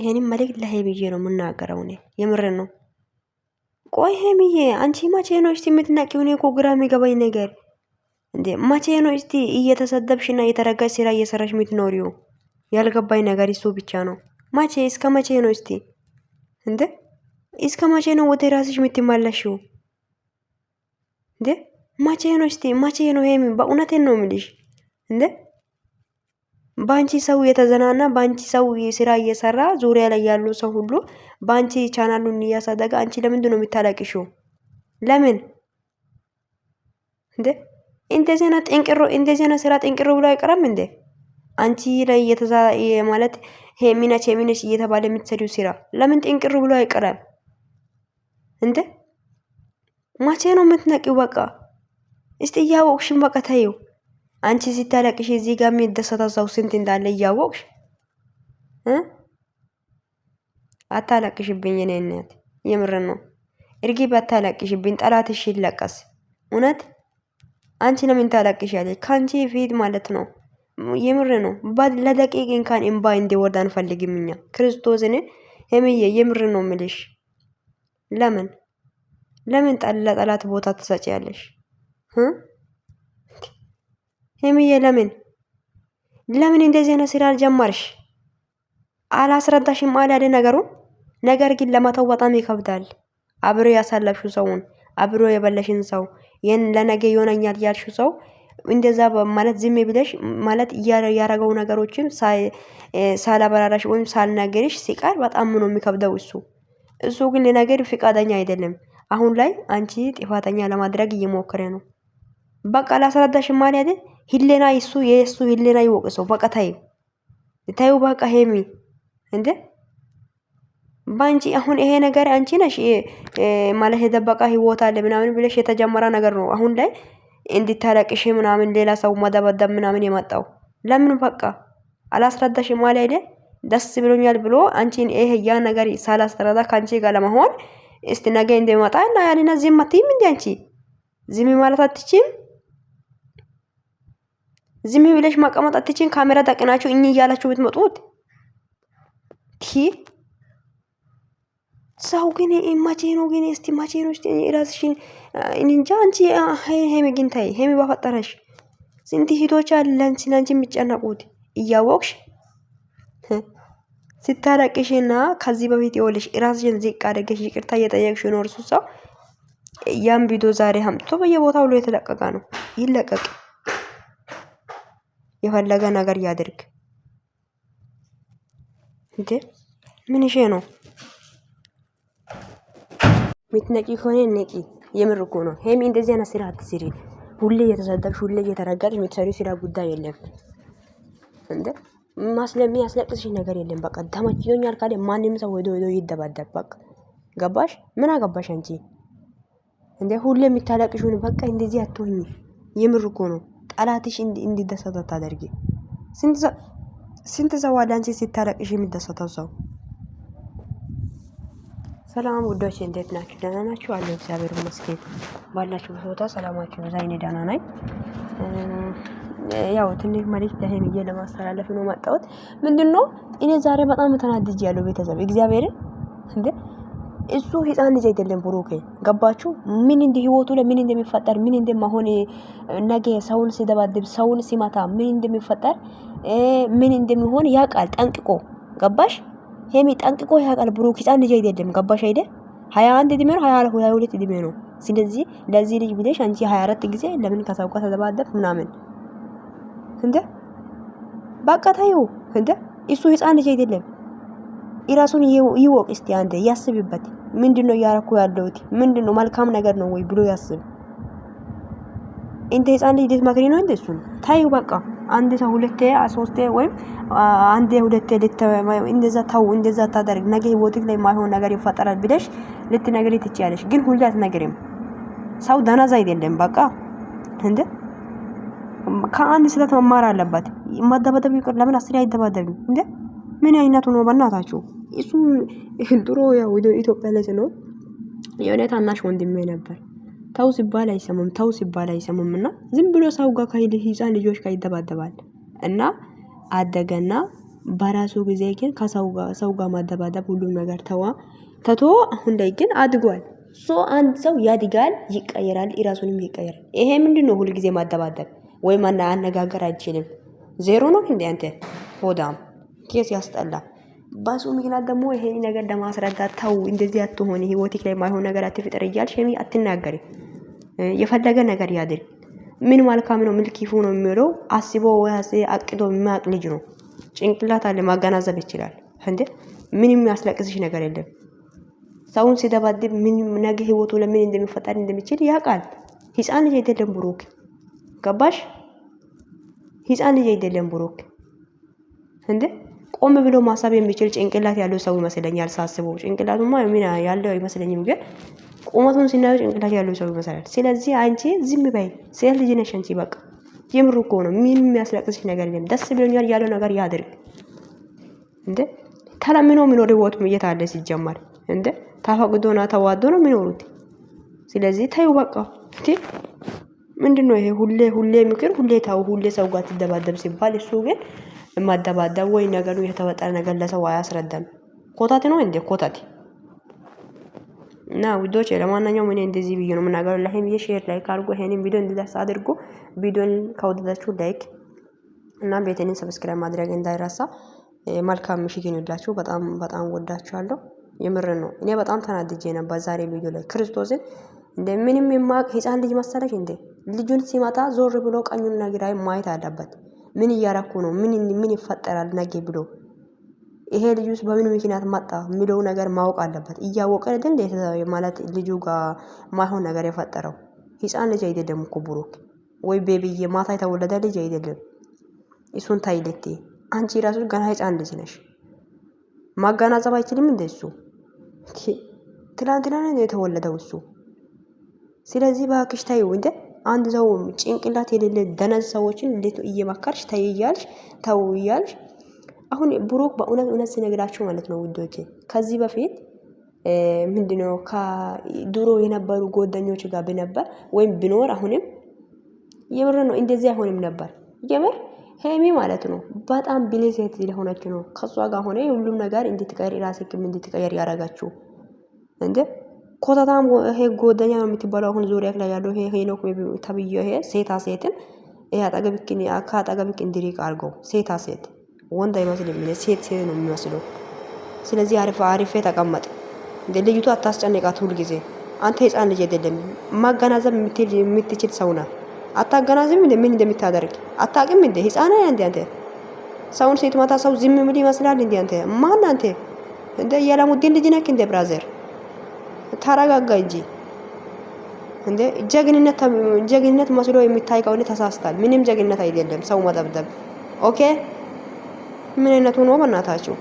ይሄንም መልእክት ለሄምዬ ነው የምናገረው። እኔ የምር ነው። ቆይ ሄምዬ አንቺ መቼ ነው እስቲ የምትነቂው? እኔ እኮ ግራ የሚገባኝ ነገር እንዴ መቼ ነው እስቲ እየተሰደብሽና እየተረጋሽ ስራ እየሰራሽ የምትኖሪው? ያልገባኝ ነገር እሱ ብቻ ነው። መቼ እስከ መቼ ነው እስቲ እንዴ? እስከ መቼ ነው ወደ ራስሽ የምትመለሽው እንዴ? መቼ ነው እስቲ መቼ ነው ሄሚ፣ በእውነቴን ነው የምልሽ እንዴ በአንቺ ሰው የተዘናና በአንቺ ሰው ስራ እየሰራ ዙሪያ ላይ ያሉ ሰው ሁሉ በአንቺ ቻናሉን እያሳደገ አንቺ ለምንድን ነው የምታለቅሽው? ለምን እንዴ? እንደዚህ አይነት ጥንቅሮ እንደዚህ አይነት ስራ ጥንቅሮ ብሎ አይቀርም እንዴ? አንቺ ላይ የተዛ ማለት ሄሚነች ሄሚነች እየተባለ የምትሰሪው ስራ ለምን ጥንቅሮ ብሎ አይቀርም እንዴ? ማቼ ነው የምትነቂው? በቃ እስቲ እያወቅሽን በቃ ተይው። አንቺ ሲታለቅሽ እዚህ ጋር የሚደሰተው ሰው ስንት እንዳለ እያወቅሽ አታለቅሽብኝ። እኔ እናት የምር ነው እርግብ አታለቅሽብኝ። ጠላትሽ ይለቀስ። እውነት አንቺ ለምን ታለቅሽ ታለቅሻለሽ? ከአንቺ ፊት ማለት ነው የምር ነው። ለደቂቅ እንኳን እምባ እንዲወርድ አንፈልግም እኛ ክርስቶስን ሄምዬ የምር ነው ምልሽ። ለምን ለምን ለጠላት ቦታ ትሰጪያለሽ? ሀይሚዬ ለምን ለምን እንደዚህ አይነት ስራ አልጀመርሽ? አላስረዳሽም አላደ ነገሩን። ነገር ግን ለመተው በጣም ይከብዳል። አብሮ ያሳለፍሽ ሰውን አብሮ የበለሽን ሰው ይህን ለነገ ይሆነኛል ያልሽ ሰው እንደዛ ማለት ዝም ብለሽ ማለት ያረገው ነገሮችም ሳላበራራሽ ወይም ሳልነገርሽ ሲቀር በጣም ነው የሚከብደው። እሱ እሱ ግን ለነገር ፍቃደኛ አይደለም። አሁን ላይ አንቺ ጥፋተኛ ለማድረግ እየሞከረ ነው። በቃ ላስረዳሽም ማለት ህሌና ይሱ የሱ ህሌና ይወቅሰው። በቃ ታዩ ታዩ በቃ ሄሚ እንዴ ባንቺ አሁን ይሄ ነገር አንቺ ነሽ ማለት የደበቃ ህይወት አለ ምናምን ብለሽ የተጀመረ ነገር ነው። አሁን ላይ እንድታለቅሽ ምናምን ሌላ ሰው መደበደብ ምናምን የመጣው ለምን? በቃ አላስረዳሽ ማለ አይደል? ደስ ብሎኛል ብሎ አንቺን ይሄ ያ ነገር ሳላስረዳ ከአንቺ ጋር ለመሆን እስቲ ነገ እንደመጣ እና ያንና ዝም አትይም እንዴ አንቺ ዝም ማለት አትችም። ዝም ብለሽ ማቀመጥ አትችይም። ካሜራ ጠቅናችሁ እኚህ እያላችሁ ብትመጡት ቲ ሰው ግን መቼ ነው ግን እስቲ መቼ ነው እስቲ ራስሽን እንጃ። አንቺ ሄሚ ግን ታይ ሄሚ ባፈጠረሽ ስንት ሂቶች አለን ስለአንቺ የሚጨነቁት እያወቅሽ ስታለቅሽና ከዚህ በፊት የወለሽ ራስሽን ዝቅ አደገሽ ይቅርታ እየጠየቅሽ ነው ሰው ያን ቪዲዮ ዛሬ አምጥቶ በየቦታው ብሎ የተለቀቀ ነው ይለቀቅ የፈለገ ነገር ያድርግ። እንዴ ምን ይሄ ነው? ምትነቂ ሆነ ነቂ። የምር እኮ ነው ሄሚ፣ እንደዚህ አይነት ስራ አትስሪ። ሁሌ እየተሰደብሽ፣ ሁሌ እየተረገጥሽ የምትሰሪ ስራ ጉዳይ የለም። እንዴ ማስለም ያስለቅስሽ ነገር የለም። በቃ ተመችቶኛል ካለ ማንም ሰው ወዶ ወዶ ይደባደብ። በቃ ገባሽ? ምን አገባሽ አንቺ? እንዴ ሁሌ የምታለቅሽውን በቃ እንደዚህ አትሆኚ። የምር እኮ ነው። ጠላትሽ እንዲደሰት አታደርጊ። ስንት ሰው ወደ አንቺ ሲታረቅሽ የሚደሰተው ሰው። ሰላም ውዶች፣ እንዴት ናችሁ? ደህና ናችሁ? አለ እግዚአብሔር ይመስገን። ባላችሁ ቦታ ሰላማችሁ ብዛ። እኔ ደህና ነኝ። ያው ትንሽ መልዕክት ለሄምዬ ለማስተላለፍ ነው መጣሁት። ምንድን ነው እኔ ዛሬ በጣም ተናድጄ ያለው ቤተሰብ እግዚአብሔርን እንዴ እሱ ህፃን ልጅ አይደለም። ብሩኬ ገባችሁ? ምን እንደ ህይወቱ ላይ ምን እንደሚፈጠር ምን እንደማሆን ነገ ሰውን ሲደባድብ ሰውን ሲመታ ምን እንደሚፈጠር ምን እንደሚሆን ያውቃል ጠንቅቆ። ገባሽ? ሄሚ ጠንቅቆ ያውቃል ብሩክ ህፃን ልጅ አይደለም። ገባሽ አይደ ሀያ አንድ እድሜ ነው፣ ሀያ ሁለት እድሜ ነው። ስለዚህ ለዚህ ልጅ ብለሽ አንቺ ሀያ አራት ጊዜ ለምን ከሰው ጋር ተደባደብ ምናምን እንደ በቃ ታዩ እንደ እሱ ህፃን ልጅ አይደለም። ራሱን ይወቅ እስቲ አንተ ያስብበት። ምንድነው እያረኩ ያለሁት? ምንድነው መልካም ነገር ነው ወይ ብሎ ያስብ። እንደ ህፃን ልጅ ልትመክሪ ነው እንደ እሱን ታዩ። በቃ አንድ ሰው ሁለቴ ሶስቴ ወይም አንዴ ሁለቴ እንደዛ ታው እንደዛ ታደርግ ነገ ህይወትክ ላይ ማይሆን ነገር ይፈጠራል ብለሽ ልትነግሪ ትችያለሽ፣ ግን ሁሌ አትነግሪም። ሰው ደነዝ አይደለም። በቃ እንደ ከአንድ ስህተት መማር አለባት። መደባደብ ለምን አስሪ አይደባደብም እንዴ? ምን አይነቱ ነው? በእናታችሁ እሱም ድሮ ያው ኢትዮጵያ ላይ ስኖር የሆነ ታናሽ ወንድሜ ነበር። ተው ሲባል አይሰሙም፣ ተው ሲባል አይሰሙም እና ዝም ብሎ ሰው ጋር ከሄደ ህፃን ልጆች ጋር ይደባደባል እና አደገና በራሱ ጊዜ ግን ከሰው ጋር ማደባደብ ሁሉም ነገር ተዋ ተቶ አሁን ላይ ግን አድጓል። ሶ አንድ ሰው ያድጋል፣ ይቀየራል፣ ራሱንም ይቀየራል። ይሄ ምንድን ነው? ሁልጊዜ ማደባደብ ወይም አነጋገር አይችልም። ዜሮ ነው እንዴ አንተ ሆዳም ኬስ ያስጠላ። በሱ ምክንያት ደግሞ ይሄ ነገር ለማስረዳት ተው እንደዚህ አትሆን፣ ህይወትክ ላይ ማይሆን ነገር አትፍጠር እያልሽ ሸሚ አትናገሪ። የፈለገ ነገር ያድርግ። ምን መልካም ነው ምን ክፉ ነው የሚለው አስቦ ወያሴ አቅዶ የሚያውቅ ልጅ ነው። ጭንቅላት አለ፣ ማገናዘብ ይችላል። እንዴ ምን የሚያስለቅስሽ ነገር የለም። ሰውን ሲደባድብ ምን ነገ ህይወቱ ለምን እንደሚፈጠር እንደሚችል ያውቃል። ህፃን ልጅ አይደለም ብሩክ፣ ገባሽ? ህፃን ልጅ አይደለም ብሩክ እንዴ ቆም ብሎ ማሳብ የሚችል ጭንቅላት ያለው ሰው ይመስለኛል ሳስበው። ጭንቅላቱማ ሚና ያለው ይመስለኝም ግን ቁመቱን ሲናየው ጭንቅላት ያለው ሰው ይመስላል። ስለዚህ አንቺ ዝም በይ፣ ሴት ልጅ ነሽ አንቺ። በቃ የምሩ እኮ ነው። ምን የሚያስለቅስሽ ነገር የለም። ደስ ብሎኛል ያለው ነገር ያድርግ እንዴ። ተለምኖ የሚኖር ህይወት የት አለ ሲጀመር? እንደ ተፈቅዶና ተዋዶ ነው የሚኖሩት። ስለዚህ ተይው በቃ። ምንድነው? ይሄ ሁሌ ሁሌ ምክር ሁሌ ታው ሁሌ ሰው ጋር አትደባደብ ሲባል እሱ ግን የማደባደብ ወይ ነገሩ የተፈጠረ ነገር ለሰው አያስረዳም። ኮታት ነው እንዴ ኮታት እና ውዶች፣ ለማንኛውም እኔ እንደዚህ ብዬ ነው የምናገረው። ለሄም የሼር ላይክ አድርጎ ይሄንን ቪዲዮ እንዲደርስ አድርጎ ቪዲዮን ከወደዳችሁ ላይክ እና ቤቴንን ሰብስክራይብ ማድረግ እንዳይረሳ። መልካም ምሽት ይሁንላችሁ። በጣም በጣም ወዳችኋለሁ። የምር ነው። እኔ በጣም ተናድጄ ነበር ዛሬ ቪዲዮ ላይ ክርስቶስን እንደ ምንም የማቅ ህፃን ልጅ መሰለሽ እንዴ? ልጁን ሲመጣ ዞር ብሎ ነገር ግራይ ማየት አለበት። ምን እያረኩ ነው? ምን ይፈጠራል ነገ ብሎ ይሄ ልጅ ውስጥ በምን ምክንያት መጣ የሚለው ነገር ማወቅ አለበት። እያወቀ ድል ማለት ልጁ ጋር ማይሆን ነገር የፈጠረው ህፃን ልጅ አይደለም እኮ ብሩክ፣ ወይ ቤቢዬ ማታ የተወለደ ልጅ አይደለም። እሱን ታይለቴ አንቺ ራሱ ገና ህፃን ልጅ ነሽ። ማገናዘብ አይችልም እንደ እሱ ትላንትና ነው የተወለደው እሱ። ስለዚህ ባክሽ ታዩ እንደ አንድ ሰው ጭንቅላት የሌለ ደነዝ ሰዎችን እንዴት እየመከርሽ ተይ እያልሽ ተው እያልሽ አሁን ብሩክ በእውነት እውነት ሲነግራቸው ማለት ነው ውዶቼ ከዚህ በፊት ምንድነው ከድሮ የነበሩ ጎደኞች ጋር ብነበር ወይም ብኖር አሁንም የምር ነው እንደዚህ አይሆንም ነበር የምር ሄሚ ማለት ነው። በጣም ብልህ ሴት ስለሆነች ነው ከሷ ጋር ሆነ ሁሉም ነገር እንድትቀይር ራስህም እንድትቀየር ያደረጋችሁ እንደ ኮታታም ይሄ ጎደኛ ነው የምትባለው አሁን ዙሪያ ላይ ያለው ይሄ ሄኖክ ተብዬ ይሄ ሴታ ሴትን ይሄ አጠገብክን ከአጠገብክ እንድሪቅ አድርገው። ሴታ ሴት ወንድ አይመስልም፣ ሴት ሴት ነው የሚመስለው። ስለዚህ አሪፍ አሪፌ ተቀመጥ እንደ ልጅቱ አታስጨንቃት። ሁልጊዜ አንተ ህፃን ልጅ አይደለም ማገናዘብ የምትችል ሰው ናት። አታገናዝም እንዴ? ምን እንደምታደርግ አታቅም እንደ ህፃና እንደ አንተ ሰውን ማታ ሰው ዝም ምን ይመስላል እንዴ አንተ ማን አንተ እንደ የአላሙዲን ልጅ ነህ እንደ ብራዘር ተረጋጋ እንጂ እንዴ። ጀግንነት ጀግንነት መስሎ የሚታይ ከሆነ ተሳስታል ምንም ጀግንነት አይደለም ሰው መደብደብ ኦኬ ምን አይነቱ ነው በእናታችሁ